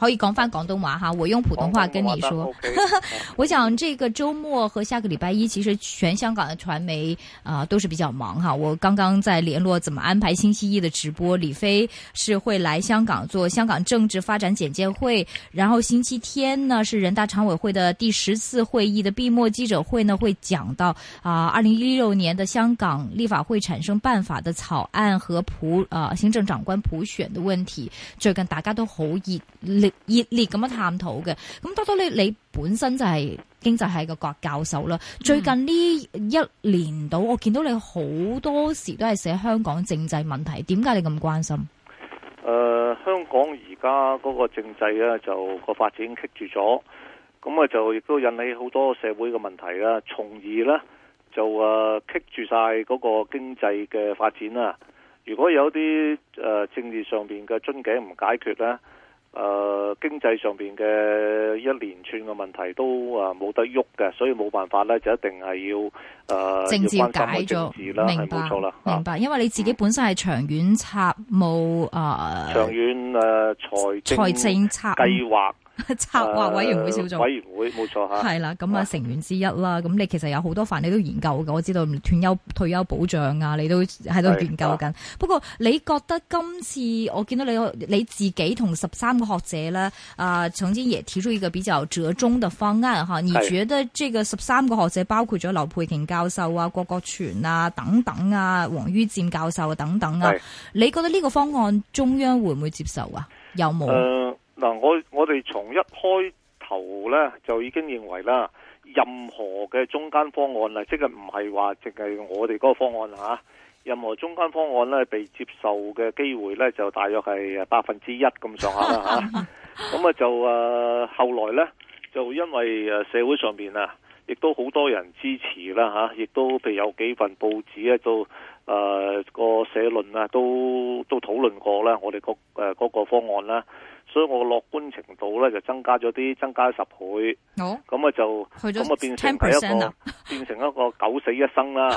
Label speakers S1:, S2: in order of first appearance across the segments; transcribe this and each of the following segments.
S1: 好，以廣泛廣東話哈，我用普通話跟你說。東東 OK, 嗯、 我想這個周末和下個禮拜一，其實全香港的傳媒啊、呃、都是比較忙哈。我剛剛在聯絡怎麼安排星期一的直播。李飛是會來香港做香港政治發展簡介會，然後星期天呢是人大常委會的第十次會議的閉幕記者會呢，會講到啊，二零一六年的香港立法會產生辦法的草案和普啊、呃、行政長官普選的問題，這跟大家都好以。熱烈咁樣探討嘅，咁多多你你本身就是經濟系經濟系個國教授啦。最近呢一年度，嗯、我見到你好多時都係寫香港政制問題，點解你咁關心？
S2: 誒、呃，香港而家嗰個政制咧就個發展棘住咗，咁啊就亦都引起好多社會嘅問題啦，從而咧就誒棘住晒嗰個經濟嘅發展啦。如果有啲誒政治上邊嘅樽頸唔解決咧。誒、呃，經濟上邊嘅一連串嘅問題都啊冇、呃、得喐嘅，所以冇辦法咧，就一定係要誒、呃、政治解決啦，明白，係冇錯啦
S1: 明白。因為你自己本身係長遠策務啊，嗯呃、長
S2: 遠誒財政財政策劃，計劃
S1: 策劃委員會小組，啊、
S2: 委員會冇錯吓，係啦，
S1: 咁啊成員之一啦。咁、啊、你其實有好多份，你都研究嘅。我知道退休退休保障啊，你都喺度研究緊。是不過你覺得今次我見到你你自己同十三個學者咧，啊，總之也提出一個比較折中嘅方案吓。你是覺得即係個十三個學者，包括咗劉佩瓊教授啊、郭國全啊等等啊、王于漸教授啊等等啊，是你覺得呢個方案中央會唔會接受啊？有冇？啊
S2: 嗱，我我哋從一開頭呢，就已經認為啦，任何嘅中間方案啦，即係唔係話淨係我哋嗰個方案啊，任何中間方案呢，被接受嘅機會呢，就大約係百分之一咁上下啦嚇。咁啊 就啊，後來呢，就因為誒社會上面啊，亦都好多人支持啦嚇，亦、啊、都譬如有幾份報紙咧，都誒個、呃、社論啊，都都討論過啦、嗰個，我哋嗰個方案啦。所以我樂觀程度咧就增加咗啲，增加十倍。咁啊、oh, 就咁啊變成第一個，變成一個九、啊、死一生啦。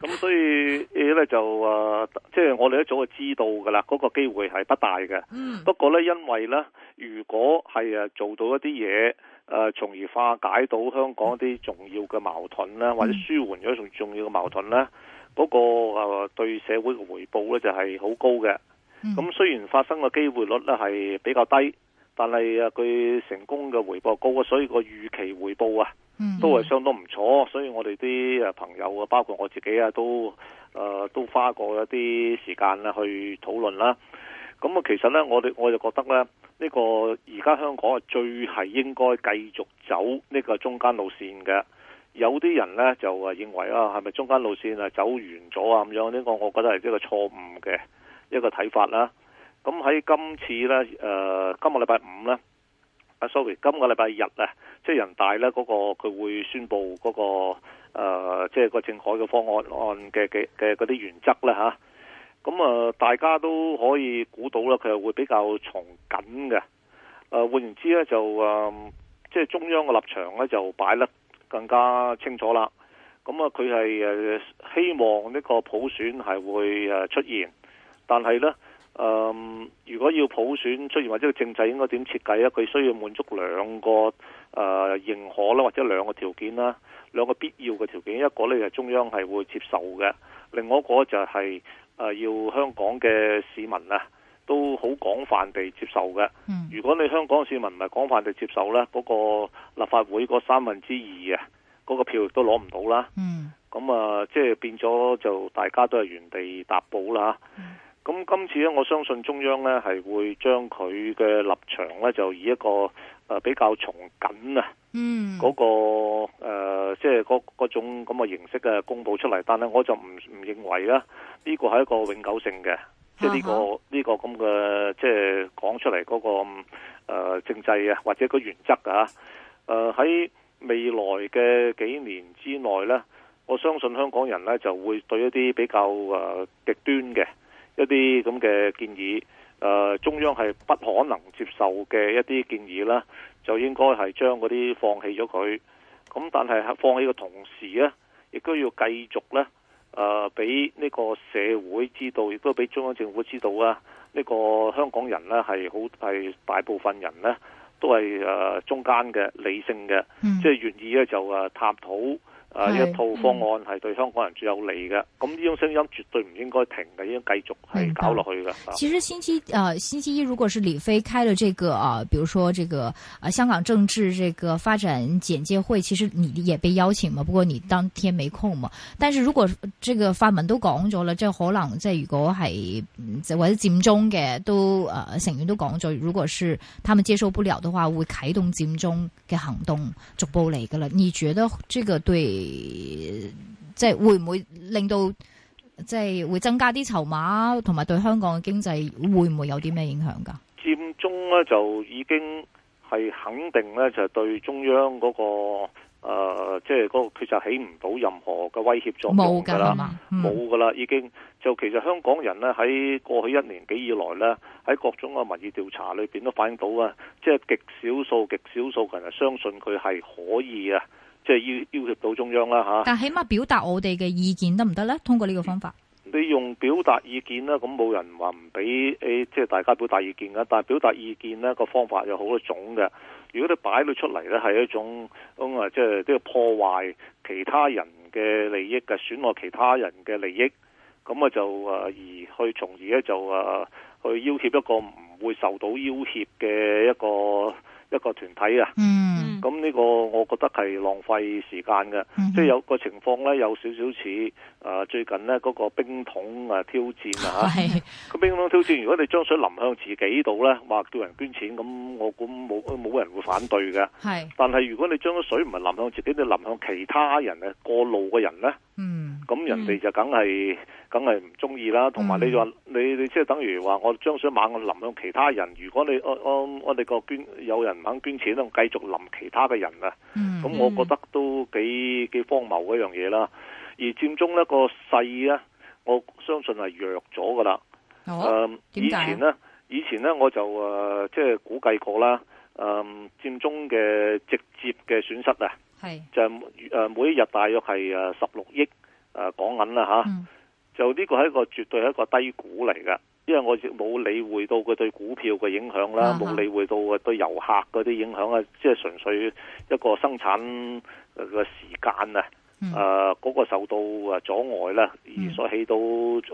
S2: 咁 所以咧就啊，即、呃、係、就是、我哋一早就知道噶啦，嗰、那個機會係不大嘅。Mm. 不過咧，因為咧，如果係啊做到一啲嘢，誒、呃，從而化解到香港一啲重要嘅矛盾啦，或者舒緩咗重重要嘅矛盾咧，嗰、mm. 那個誒、呃、對社會嘅回報咧就係好高嘅。咁雖然發生嘅機會率咧係比較低，但係啊佢成功嘅回報高，所以個預期回報啊，都係相當唔錯。所以我哋啲誒朋友啊，包括我自己啊，都誒、呃、都花過一啲時間啦去討論啦。咁啊，其實咧，我哋我就覺得咧，呢、這個而家香港啊，最係應該繼續走呢個中間路線嘅。有啲人咧就啊認為啊，係咪中間路線啊走完咗啊咁樣？呢、這個我覺得係一個錯誤嘅一個睇法啦。咁喺今次咧，誒、呃、今個禮拜五咧，啊，sorry，今個禮拜日呢，即係人大咧嗰、嗰個佢會宣布嗰、嗰個、呃、即係個政改嘅方案案嘅嘅嘅嗰啲原則呢。吓，咁啊，大家都可以估到啦，佢係會比較從緊嘅。誒、啊，換言之咧，就、嗯、即係中央嘅立場咧，就擺得更加清楚啦。咁啊，佢係希望呢個普選係會出現。但係呢，嗯，如果要普選出現或者個政制應該點設計呢，佢需要滿足兩個誒、呃、認可啦，或者兩個條件啦，兩個必要嘅條件。一個呢就中央係會接受嘅，另外一個就係、係、誒、呃、要香港嘅市民啊都好廣泛地接受嘅。嗯，如果你香港市民唔係廣泛地接受咧，嗰、嗰個立法會嗰三分之二啊，嗰、嗰個票亦都攞唔到啦。嗯，咁啊，即係變咗就大家都係原地踏步啦。嗯。咁今次咧，我相信中央咧係會將佢嘅立場咧就以一個誒比較從緊啊，嗰個誒即係嗰種咁嘅形式嘅公布出嚟。但係我就唔唔認為啦，呢個係一個永久性嘅，即係呢個呢個咁嘅即係講出嚟嗰個誒政制啊，或者個原則啊。誒喺未來嘅幾年之內咧，我相信香港人咧就會對一啲比較誒極端嘅。一啲咁嘅建議，誒、呃、中央係不可能接受嘅一啲建議啦，就應該係將嗰啲放棄咗佢。咁但係放棄嘅同時咧，亦都要繼續咧，誒俾呢個社會知道，亦都俾中央政府知道啊。呢、呢個香港人咧係好係大部分人咧，都係誒中間嘅理性嘅，即係、嗯、願意咧就誒探討。啊！是這一套方案係對香港人最有利嘅，咁呢、嗯、種聲音絕對唔應該停嘅，應該繼續係搞落去㗎。嗯、是其實
S1: 星期啊、呃，星期一如果是李飛開了這個啊、呃，比如說這個啊、呃，香港政治這個發展簡介會，其實你也被邀請嘛？不過你當天沒空嘛？但是如果這個發文都講咗啦，即係可能，即係如果係，即係或者佔中嘅都啊、呃、成員都講咗，如果是他們接受不了嘅話，會啟動佔中嘅行動逐步嚟噶啦。你覺得這個對？即係會唔會令到即係會增加啲籌碼，同埋對香港嘅經濟會唔會有啲咩影響噶？
S2: 佔中咧就已經係肯定咧，就對中央嗰個誒，即係嗰個決策起唔到任何嘅威脅作用噶啦冇噶啦，冇噶啦，已經就其實香港人咧喺過去一年幾以來咧，喺各種嘅民意調查裏邊都反映到啊，即係極少數極少數人係相信佢係可以啊。即係要要挾到中央啦吓，但
S1: 起碼表達我哋嘅意見得唔得咧？通過呢個方法，
S2: 嗯、你用表達意見啦，咁冇人話唔俾，誒、即、哎、係、就是、大家表達意見噶。但係表達意見呢個方法有好多種嘅。如果你擺到出嚟咧，係一種咁啊，即係都要破壞其他人嘅利益嘅，損害其他人嘅利益，咁啊就啊、呃、而去，從而咧就啊去要挾一個唔會受到要挾嘅一個一個團體啊。嗯。咁呢、嗯、個我覺得係浪費時間嘅，即係、嗯、哼有個情況呢，有少少似誒、呃、最近呢嗰個冰桶啊挑戰啊嚇，冰桶挑戰，啊、是冰桶挑戰如果你將水淋向自己度呢，話叫人捐錢，咁我估冇冇人會反對嘅。是但係如果你將水唔係淋向自己，你淋向其他人嘅過路嘅人呢。嗯。咁人哋就梗係梗係唔中意啦，同埋你話、嗯、你你即係等於話我將水猛咁淋向其他人。如果你我哋個捐有人唔肯捐錢都繼續淋其他嘅人啊，咁、嗯、我覺得都幾幾荒謬嗰樣嘢啦。而佔中呢個勢咧，我相信係弱咗噶啦。哦、點解？以前呢，呢以前呢，我就即係、就是、估計過啦。嗯，佔中嘅直接嘅損失啊，係是就誒每一日大約係十六億。誒、啊，講緊啦吓，嗯、就呢個係一個絕對係一個低估嚟噶，因為我冇理會到佢對股票嘅影響啦、啊，冇、啊、理會到個對遊客嗰啲影響啊，即係純粹一個生產嘅時間啊，誒、嗯，嗰、啊那個受到誒阻礙啦，嗯、而所起到，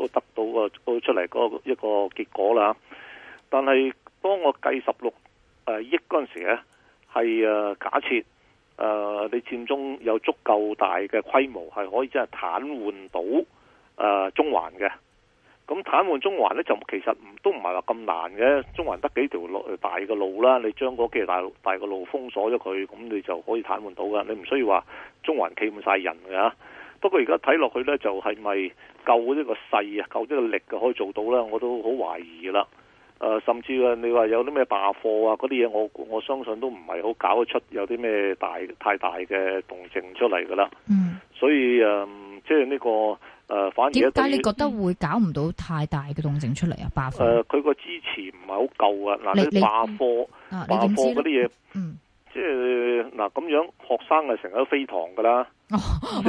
S2: 得到個，出嚟嗰一個結果啦。但係當我計十六誒億嗰陣時咧，係誒假設。誒、呃，你佔中有足夠大嘅規模，係可以真係癱瘓到誒、呃、中環嘅。咁癱瘓中環咧，就其實唔都唔係話咁難嘅。中環得幾條大的路大嘅路啦，你將嗰幾大路大嘅路封鎖咗佢，咁你就可以癱瘓到噶。你唔需要話中環企滿晒人嘅。不過而家睇落去咧，就係、是、咪夠呢個勢啊，夠呢個力嘅可以做到咧？我都好懷疑啦。誒、呃，甚至說啊，你話有啲咩罷課啊，嗰啲嘢，我我相信都唔係好搞得出有，有啲咩大太大嘅動靜出嚟㗎啦。嗯，所以誒、呃，即係呢、這個誒、呃，反而點解你覺得
S1: 會搞唔到太大嘅動靜出嚟啊？罷課
S2: 佢個支持唔係好夠課啊！嗱，你罷課，罷課嗰啲嘢，嗯。即係嗱，咁樣學生啊，成日都飛堂噶啦！即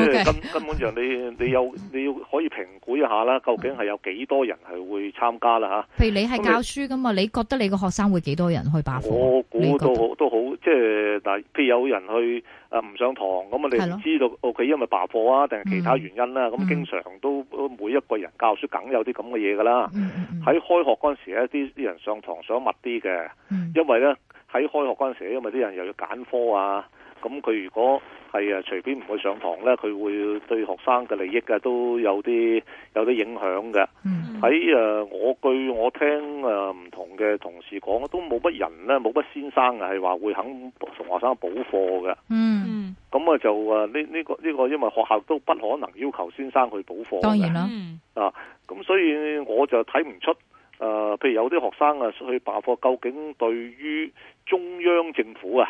S2: 係根根本上你，你有你有你要可以評估一下啦，究竟係有幾多人係會參加啦吓？譬如你係教書
S1: 噶嘛，你，你覺得你個學生會幾多人去罷課？我估
S2: 都好，即係但係，譬如有人去唔、呃、上堂，咁你唔知道，屋企的因為罷課啊，定係其他原因啦？咁、嗯、經常都、嗯、每一個人教書梗有啲咁嘅嘢噶啦。喺、嗯嗯、開學嗰陣時咧，啲啲人上堂想密啲嘅，嗯、因為咧。喺開學嗰陣時，因為啲人又要揀科啊，咁佢如果係誒隨便唔去上堂咧，佢會對學生嘅利益嘅都有啲有啲影響嘅。喺誒、嗯，我據我聽誒唔同嘅同事講，都冇乜人咧，冇乜先生係話會肯同學生補課嘅。嗯，咁啊就誒呢呢個呢個，呢個、因為學校都不可能要求先生去補課。當然啦。啊，咁所以我就睇唔出。誒、呃，譬如有啲學生啊去罷課，究竟對於中央政府啊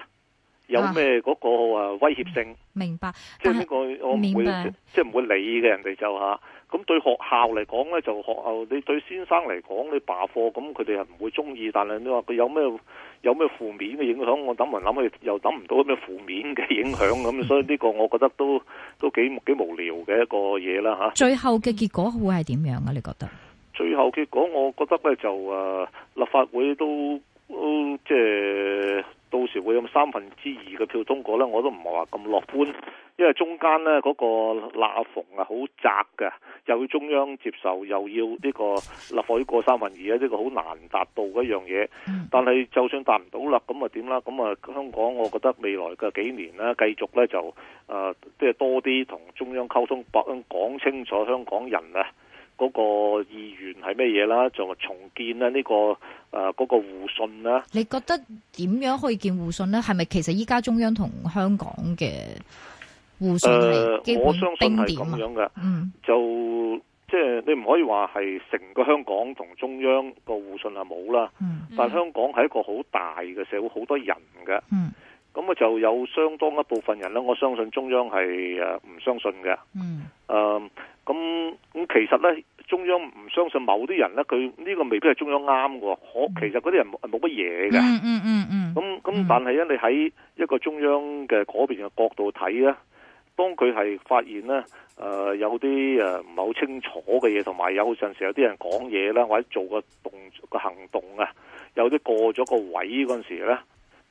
S2: 有咩嗰個誒威脅性
S1: 啊？明白，即係呢
S2: 個我唔會，明白即係唔會理嘅人哋就吓。咁，啊、對學校嚟講咧，就學校你對先生嚟講你罷課，咁佢哋係唔會鍾意。但係你話佢有咩有咩負面嘅影響？我諗埋諗去，又諗唔到咩負面嘅影響。咁、嗯、所以呢個我覺得都都幾幾無聊嘅一個嘢啦吓。啊、最
S1: 後嘅結果會係點樣啊？你覺得？
S2: 最後結果，我覺得咧就誒、呃、立法會都、呃、即係到時會有三分之二嘅票通過咧，我都唔係話咁樂觀，因為中間咧嗰、嗰個罅縫啊好窄嘅，又要中央接受，又要呢個立法會過三分二啊，呢、呢個好難達到嗰樣嘢。但係就算達唔到啦，咁啊點啦？咁啊香港，我覺得未來嘅幾年呢，繼續咧就誒即係多啲同中央溝通，講清楚香港人啊。嗰個意願係咩嘢啦？仲重建咧、這個？呃那個、呢個誒嗰個互信
S1: 啦？你覺得點樣可以建互信呢？係咪其實依家中央同香港嘅互信係、呃、基本冰點
S2: 啊？嗯，就即係、就是、你唔可以話係成個香港同中央個互信係冇啦。嗯、但香港係一個好大嘅社會，好多人嘅。嗯，咁啊就有相當一部分人咧，我相信中央係誒唔相信嘅。嗯，誒咁、呃。其實咧，中央唔相信某啲人咧，佢呢個未必係中央啱嘅。可、嗯、其實嗰啲人冇乜嘢嘅。嗯嗯嗯嗯。咁咁，但係咧，你喺一個中央嘅嗰邊嘅角度睇咧，當佢係發現咧，誒、呃、有啲誒唔係好清楚嘅嘢，同埋有陣時有啲人講嘢啦，或者做個動個行動啊，有啲過咗個位嗰陣時咧，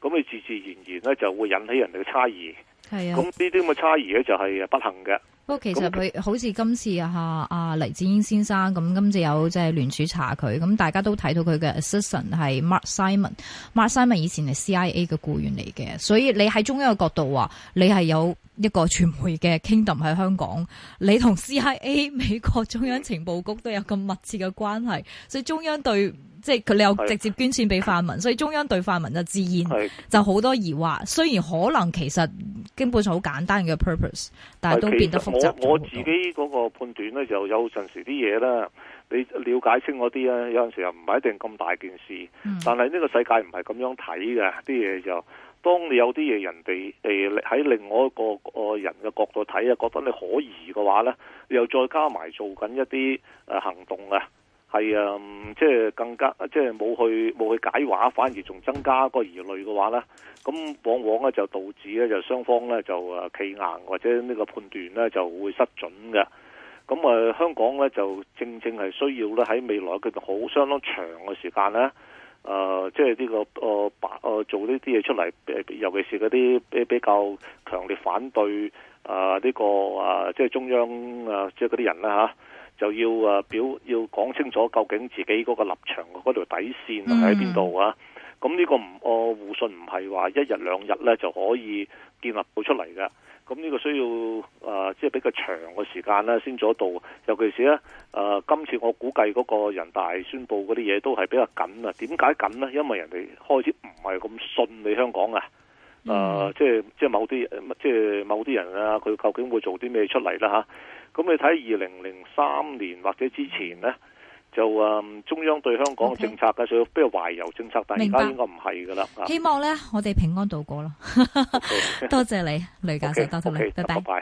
S2: 咁你自自然然咧就會引起人哋嘅差異。係啊。咁呢啲咁嘅差異咧，就係、是、不幸嘅。
S1: 不過其實佢喜好似今次啊，阿、啊、黎智英先生咁，今次有即係聯署查佢，咁大家都睇到佢嘅 assistant 係 Mark Simon，Mark Simon 以前係 CIA 嘅僱員嚟嘅，所以你喺中央嘅角度話，你係有一個傳媒嘅 kingdom 喺香港，你同 CIA 美國中央情報局都有咁密切嘅關係，所以中央對。即係佢哋又直接捐錢俾泛民，是所以中央對泛民自然就置焉，就好多疑惑。是雖然可能其實根本上好簡單嘅 purpose，是但係都變得複雜咗好多我，我
S2: 自己嗰個判斷咧，就有陣時啲嘢咧，你了解清嗰啲咧，有陣時又唔係一定咁大件事。嗯、但係呢個世界唔係咁樣睇嘅啲嘢就，當你有啲嘢人哋誒喺另外一個個人嘅角度睇啊，覺得你可疑嘅話咧，你又再加埋做緊一啲誒行動啊。係啊、嗯，即係更加，即係冇去冇去解話，反而仲增加個疑慮嘅話咧，咁往往咧就導致咧就雙方咧就啊企硬或者呢個判斷咧就會失準嘅。咁啊，香港咧就正正係需要咧喺未來佢好相當長嘅時間咧、呃，即係、這、呢個白、呃、做呢啲嘢出嚟，尤其是嗰啲比比較強烈反對啊呢、呃呢個、呃、即係中央即啊即係嗰啲人啦吓就要啊表要講清楚究竟自己嗰個立場嗰條底線喺邊度啊？咁呢、mm. 個唔我互信唔係話一日兩日咧就可以建立到出嚟嘅。咁呢個需要啊即係比較長嘅時間啦先做到。尤其是咧啊、呃、今次我估計嗰個人大宣佈嗰啲嘢都係比較緊啊。點解緊呢？因為人哋開始唔係咁信你香港啊。啊即係即係某啲即係某啲人啊，佢究竟會做啲咩出嚟啦吓？咁你睇二零零三年或者之前咧，就誒、嗯、中央對香港嘅政策嘅，屬不 Okay. 如懷柔政策，但係而家應該唔係噶啦。白嗯、希望
S1: 咧，我哋平安度過咯。 Okay. 多謝你，雷教授，多謝你，拜拜 Okay.。
S2: Bye.